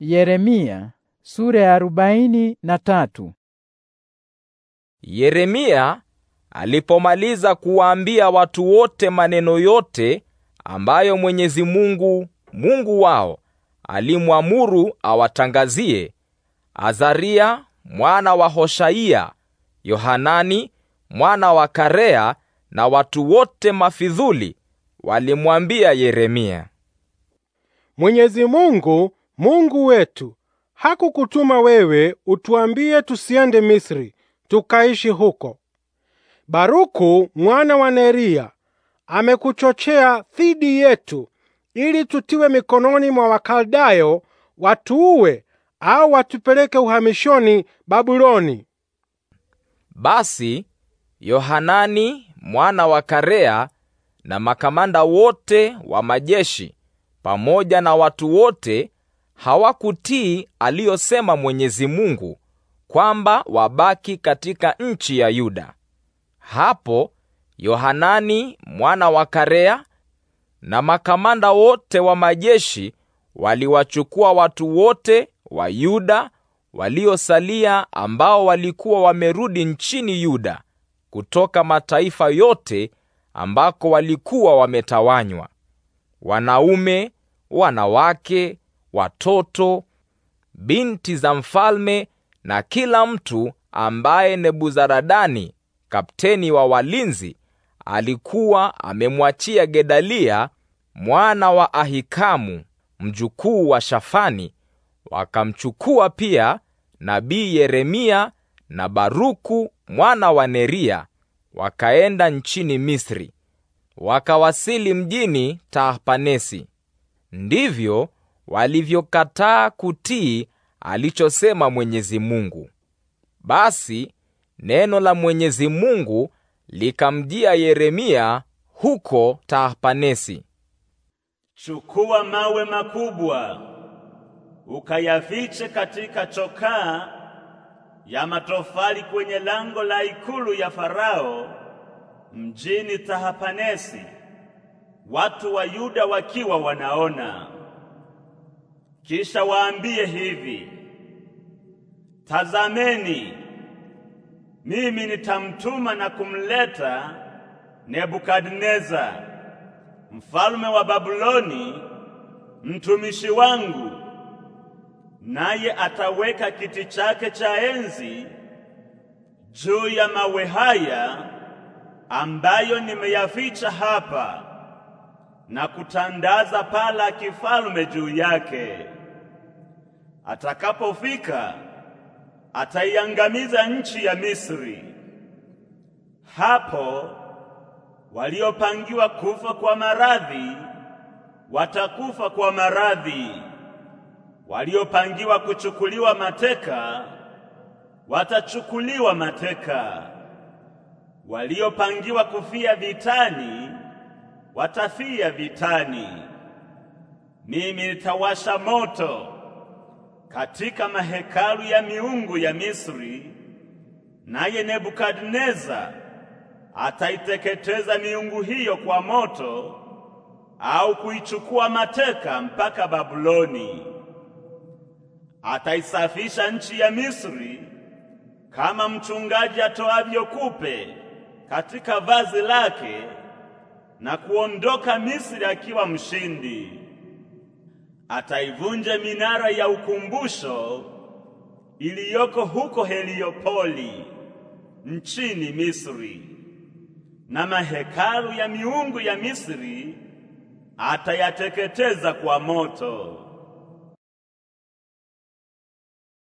Yeremia sura ya arobaini na tatu. Yeremia alipomaliza kuwaambia watu wote maneno yote ambayo Mwenyezi Mungu Mungu wao alimwamuru awatangazie, Azaria mwana wa Hoshaia, Yohanani mwana wa Karea na watu wote mafidhuli walimwambia Yeremia, Mwenyezi Mungu Mungu wetu hakukutuma wewe utuambie tusiende Misri tukaishi huko. Baruku mwana wa Neria amekuchochea dhidi yetu ili tutiwe mikononi mwa Wakaldayo watuue au watupeleke uhamishoni Babuloni. Basi Yohanani mwana wa Karea na makamanda wote wa majeshi pamoja na watu wote hawakutii aliyosema Mwenyezi Mungu kwamba wabaki katika nchi ya Yuda. Hapo Yohanani mwana wa Karea na makamanda wote wa majeshi waliwachukua watu wote wa Yuda waliosalia ambao walikuwa wamerudi nchini Yuda kutoka mataifa yote ambako walikuwa wametawanywa, wanaume, wanawake, watoto, binti za mfalme na kila mtu ambaye Nebuzaradani kapteni wa walinzi alikuwa amemwachia Gedalia mwana wa Ahikamu mjukuu wa Shafani. Wakamchukua pia nabii Yeremia na Baruku mwana wa Neria, wakaenda nchini Misri, wakawasili mjini Tahpanesi. Ndivyo walivyokataa kutii alichosema Mwenyezi Mungu. Basi neno la Mwenyezi Mungu likamjia Yeremia huko Tahpanesi. Chukua mawe makubwa ukayafiche katika chokaa ya matofali kwenye lango la ikulu ya Farao mjini Tahapanesi, watu wa Yuda wakiwa wanaona. Kisha waambie hivi, tazameni, mimi nitamtuma na kumleta Nebukadneza mfalme wa Babuloni, mtumishi wangu, naye ataweka kiti chake cha enzi juu ya mawe haya ambayo nimeyaficha hapa na kutandaza pala kifalme juu yake. Atakapofika ataiangamiza nchi ya Misri. Hapo waliopangiwa kufa kwa maradhi watakufa kwa maradhi, waliopangiwa kuchukuliwa mateka watachukuliwa mateka, waliopangiwa kufia vitani watafia vitani. Mimi nitawasha moto katika mahekalu ya miungu ya Misri, naye Nebukadneza ataiteketeza miungu hiyo kwa moto au kuichukua mateka mpaka Babuloni. Ataisafisha nchi ya Misri kama mchungaji atoavyo kupe katika vazi lake na kuondoka Misri akiwa mshindi. Ataivunja minara ya ukumbusho iliyoko huko Heliopoli nchini Misri, na mahekalu ya miungu ya Misri atayateketeza kwa moto.